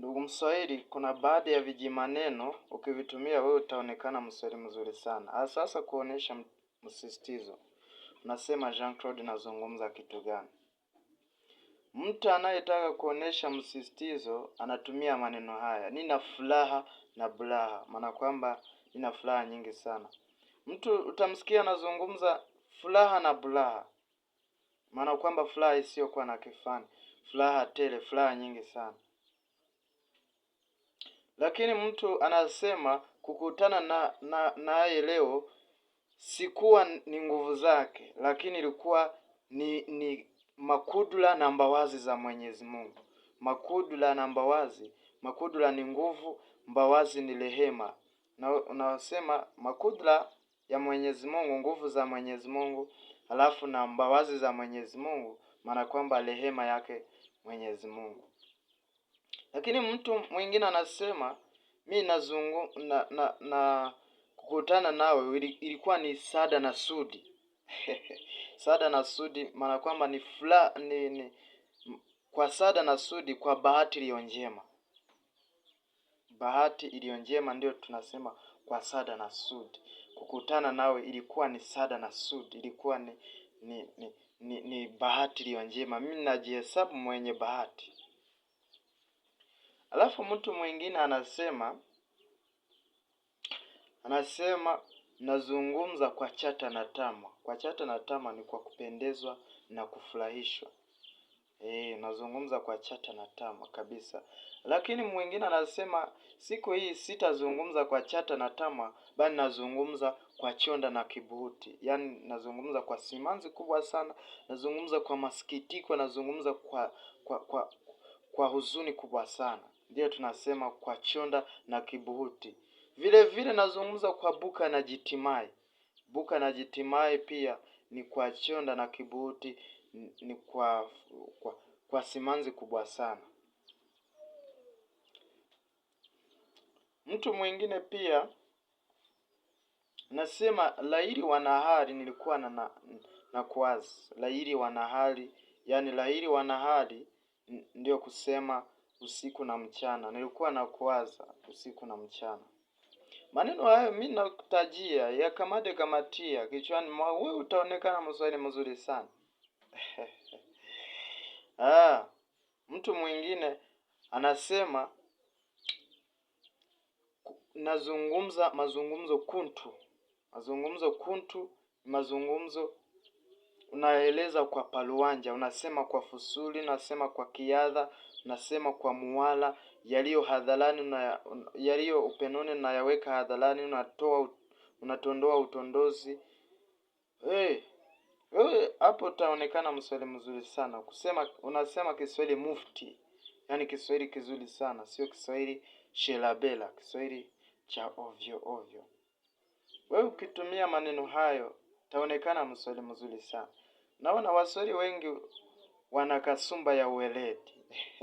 Ndugu Mswahili, kuna baadhi ya vijimaneno ukivitumia wewe utaonekana Mswahili mzuri sana. Ah, sasa kuonesha msisitizo, unasema Jean Claude nazungumza kitu gani? Mtu anayetaka kuonesha msisitizo anatumia maneno haya, nina furaha na buraha, maana kwamba nina furaha nyingi sana. Mtu utamsikia anazungumza furaha na buraha, maana kwamba furaha isiyokuwa na kifani, furaha tele, furaha nyingi sana. Lakini mtu anasema kukutana na naye na leo sikuwa ni nguvu zake, lakini ilikuwa ni, ni makudula na mbawazi za Mwenyezi Mungu. Makudula na mbawazi, makudula ni nguvu, mbawazi ni rehema. Na unasema makudula ya Mwenyezi Mungu, nguvu za Mwenyezi Mungu, alafu na mbawazi za Mwenyezi Mungu, maana kwamba rehema yake Mwenyezi Mungu. Lakini mtu mwingine anasema mi nazungu na, na, na kukutana nawe ilikuwa ni sada na sudi. sada na sudi maana kwamba ni, fla, ni, ni kwa sada na sudi kwa bahati iliyo njema. Bahati iliyo njema ndio tunasema kwa sada na sudi. Kukutana nawe ilikuwa ni sada na sudi, ilikuwa ni ni, ni, ni, ni bahati iliyo njema. Mimi najihesabu mwenye bahati. Alafu mtu mwingine anasema anasema nazungumza kwa chata na tama. Kwa chata na tama ni kwa kupendezwa na kufurahishwa. E, nazungumza kwa chata na tama kabisa. Lakini mwingine anasema siku hii sitazungumza kwa chata na tama, bali nazungumza kwa chonda na kibuti. Yaani nazungumza kwa simanzi kubwa sana, nazungumza kwa masikitiko, nazungumza kwa kwa kwa, kwa huzuni kubwa sana. Ndiyo tunasema kwa chonda na kibuhuti. Vile vile nazungumza kwa buka na jitimai. Buka na jitimai pia ni kwa chonda na kibuhuti ni kwa, kwa, kwa simanzi kubwa sana. Mtu mwingine pia nasema laili wanahali nilikuwa na, na, na kuwazi. Lairi wa yani laili wanahali ndio kusema usiku na mchana, nilikuwa nakuwaza usiku na mchana. Maneno hayo mi nakutajia yakamate kamatia kichwani mwa wewe, utaonekana mswahili mzuri sana ah, mtu mwingine anasema nazungumza mazungumzo kuntu, mazungumzo kuntu, mazungumzo unaeleza kwa paluanja, unasema kwa fusuli, unasema kwa kiadha, unasema kwa muwala, yaliyo hadharani na yaliyo upenoni yaweka hadharani, unatoa unatondoa utondozi hey. Hapo utaonekana mswahili mzuri sana kusema. Unasema Kiswahili mufti, yaani Kiswahili kizuri sana, sio Kiswahili shelabela, Kiswahili cha ovyo ovyo. Wewe ukitumia maneno hayo utaonekana mswahili mzuri sana. Naona Waswahili wengi wana kasumba ya uweledi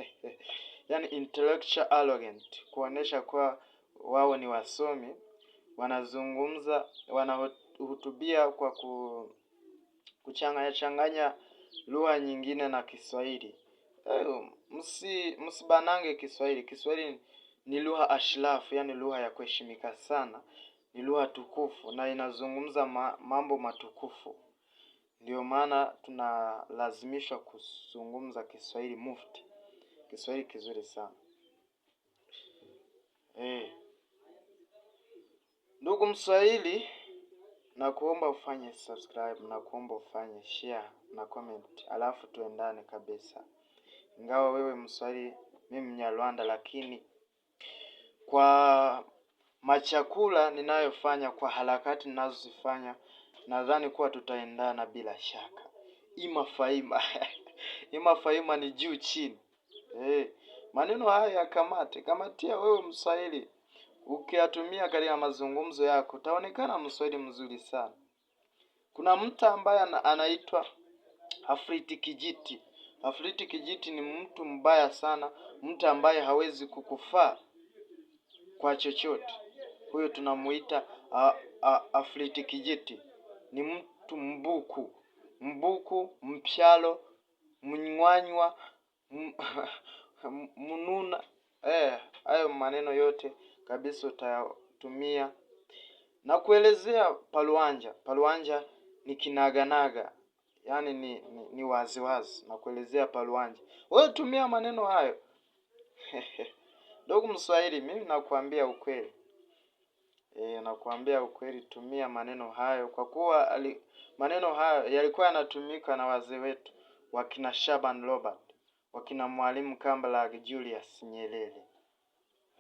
yani intellectual arrogant, kuonesha kuwa wao ni wasomi, wanazungumza, wanahutubia kwa ku kuchanganya changanya lugha nyingine na Kiswahili. Msi msibanange Kiswahili. Kiswahili ni lugha ashlafu, yani lugha ya kuheshimika sana, ni lugha tukufu na inazungumza ma mambo matukufu ndio maana tunalazimishwa kuzungumza kiswahili mufti. Kiswahili kizuri sana. Eh. Ndugu mswahili nakuomba ufanye subscribe nakuomba ufanye share na comment alafu tuendane kabisa. Ingawa wewe mswahili mimi mnyarwanda lakini kwa machakula ninayofanya kwa harakati ninazozifanya nadhani kuwa tutaendana bila shaka. Ima Faima Ima Faima ni juu chini. Hey, eh, maneno haya ya kamate kamatia wewe Mswahili, ukiyatumia katika mazungumzo yako utaonekana Mswahili mzuri sana. Kuna mtu ambaye anaitwa Afriti Kijiti. Afriti Kijiti ni mtu mbaya sana, mtu ambaye hawezi kukufaa kwa chochote. Huyo tunamuita Afriti Kijiti ni mtu mbuku, mbuku, mpyalo, mnywanywa, mnuna. Eh, hayo maneno yote kabisa utayatumia na kuelezea paluanja. Paluanja ni kinaganaga, yaani ni, ni, ni wazi wazi na kuelezea paluanja. Wewe tumia maneno hayo ndugu Mswahili, mimi nakuambia ukweli. E, nakuambia ukweli tumia maneno hayo kwa kuwa ali, maneno hayo yalikuwa yanatumika na wazee wetu wakina Shaban Robert, wakina Mwalimu Kambarage Julius Nyerere.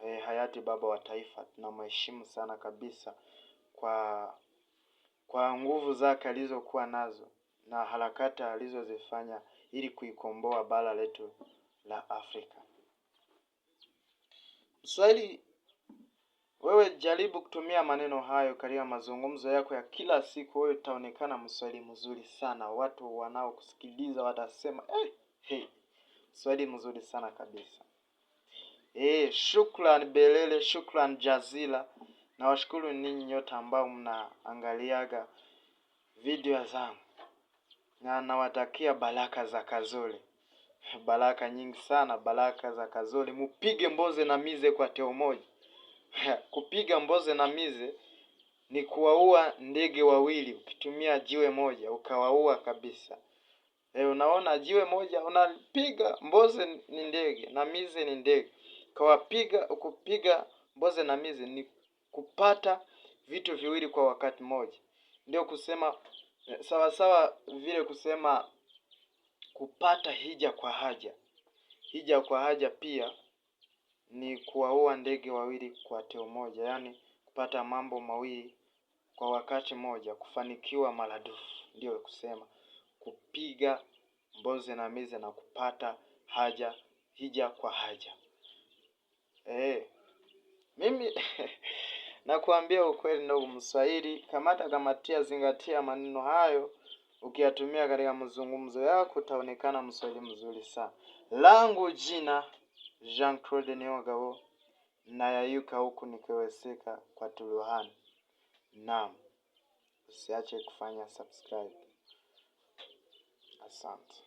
E, hayati baba wa taifa tunamheshimu sana kabisa kwa kwa nguvu zake alizokuwa nazo na harakati alizozifanya ili kuikomboa bara letu la Afrika. Mswahili wewe jaribu kutumia maneno hayo katika mazungumzo yako ya kila siku. Wewe utaonekana mswahili mzuri sana. Watu wanaokusikiliza watasema eh, hey, mswahili mzuri sana kabisa. Eh, shukran belele, shukran jazila. Nawashukuru ninyi nyote ambao mnaangaliaga video zangu, na nawatakia baraka za kazole, baraka nyingi sana, baraka za kazole. Mupige mboze na mize kwa teo moja. Kupiga mboze na mize ni kuwaua ndege wawili ukitumia jiwe moja ukawaua kabisa. E, unaona jiwe moja unapiga mboze ni ndege na mize ni ndege. Kawapiga ukupiga mboze na mize ni kupata vitu viwili kwa wakati mmoja. Ndio kusema sawa sawa vile kusema kupata hija kwa haja. Hija kwa haja pia ni kuwaua ndege wawili kwa teo moja, yaani kupata mambo mawili kwa wakati mmoja, kufanikiwa maradufu, ndiyo kusema kupiga mboze na mize na kupata haja hija kwa haja. Eh, mimi nakuambia ukweli ndugu Mswahili, kamata kamatia, zingatia maneno hayo ukiyatumia katika mazungumzo yako, utaonekana Mswahili mzuri sana. Langu jina Jean Claude Niyogabo nayayuka huku nikiweseka kwa tuluhani. Naam, usiache kufanya subscribe. Asante.